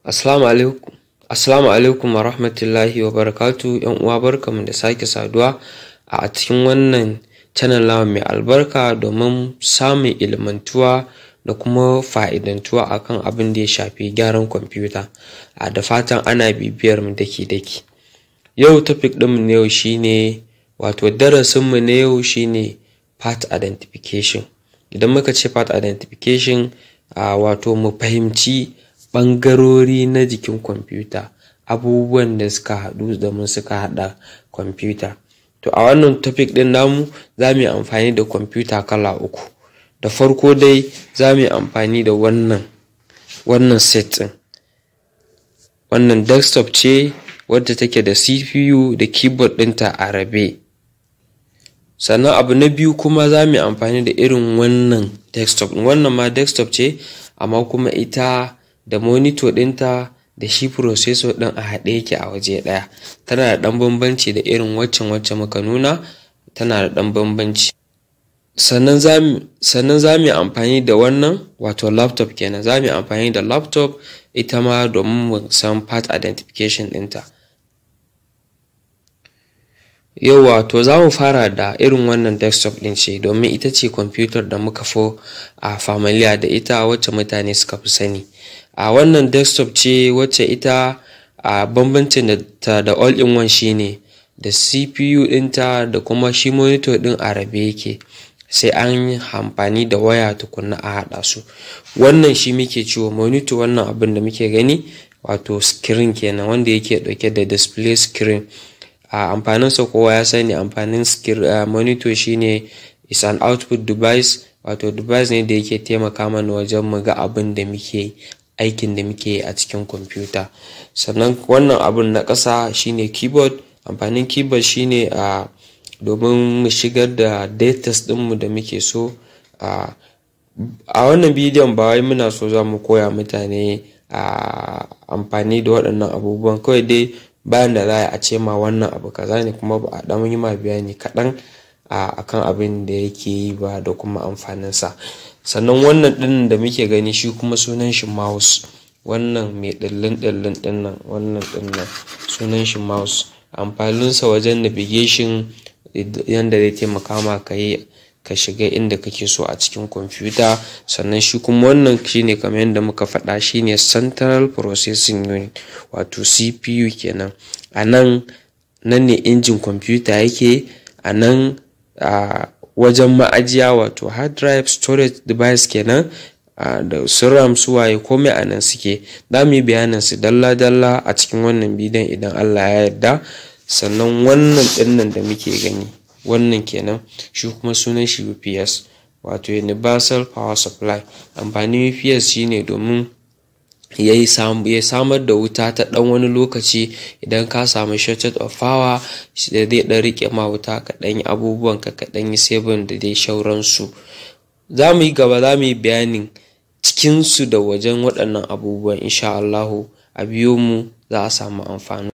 Assalamu alaikum. wa rahmatullahi wa barakatu ‘yan uwa barkamu da sake saduwa a cikin wannan canan na mai albarka domin samun ilmantuwa da kuma fa'idantuwa a kan abin da ya shafi gyaran kwamfuta a da fatan ana bibiyar mu daki-daki. Yau topic ɗinmu na yau shi ne, wato darasinmu na yau shi ne, part identification. Idan muka ce part identification wato mu fahimci ɓangarori na jikin kwamfuta abubuwan da suka haɗu domin suka haɗa kwamfuta to a wannan topic ɗin namu za mu yi amfani da kwamfuta kala uku da farko dai za mu yi amfani da wannan wannan set ɗin wannan desktop ce wadda take da cpu da keyboard ɗinta a rabe sannan abu na biyu kuma za mu yi amfani da irin wannan desktop wannan ma desktop ce amma kuma ita da monito ɗinta da shi processor ɗin a haɗe yake a waje ɗaya tana da ɗan bambanci da irin waccan wacce muka nuna tana da ɗan bambanci sannan za mu amfani da wannan wato laptop kenan za mu amfani da laptop ita ma domin mu san part identification dinta. yau wato za mu fara da irin wannan desktop ɗin ce domin ita ce kwamfutar da muka fo a familiya da ita wacce mutane suka fi sani a wannan desktop ce wacce ita a bambancin da ta da all in one shine da cpu ɗinta da kuma shi monitor ɗin a rabe yake sai an yi amfani da waya tukunna a haɗa su wannan shi muke ciwo monitor wannan abin da muke gani wato screen kenan wanda yake ɗauke da display screen a amfanin sa kowa ya sani amfanin monitor shine is an output device wato device ne da yake taimaka mana wajen mu ga abin da muke yi aikin da muke a cikin kwamfuta sannan wannan abun na ƙasa shine keyboard amfanin keyboard shine a domin mu shigar da datas ɗinmu da muke so a wannan bidiyon ba wai muna so za mu koya mutane a amfani da waɗannan abubuwan kawai dai bayan da za a ce ma wannan abu kaza ne kuma ba a ɗan yi ma bayani kaɗan a kan abin da yake yi ba da kuma amfaninsa. sannan wannan ɗin da muke gani shi kuma sunan shi mouse wannan mai ɗallin ɗallin ɗinnan wannan ɗinnan sunan shi mouse amfaninsa wajen navigation yadda zai taimaka ma ka yi ka shiga inda kake so a cikin kwamfuta sannan shi kuma wannan shi ne kamar yadda muka faɗa ne central processing unit wato cpu kenan a nan nan ne injin kwamfuta yake a nan a wajen ma'ajiya wato hard drive storage device kenan da su su waye komai a nan suke za mu yi bayanin su dalla-dalla a cikin wannan bidiyon idan allah ya yarda sannan wannan ɗinnan da muke gani wannan kenan shi kuma sunan shi ups wato universal power supply amfanin ups shine domin ya samar da wuta ta ɗan wani lokaci idan ka samu shortage of power da zai ɗan riƙe ma wuta ka ɗan yi abubuwan ka ka ɗan yi saving da dai shauransu za mu yi gaba za mu yi bayanin cikinsu da wajen waɗannan abubuwan insha Allahu a biyo mu za a samu amfani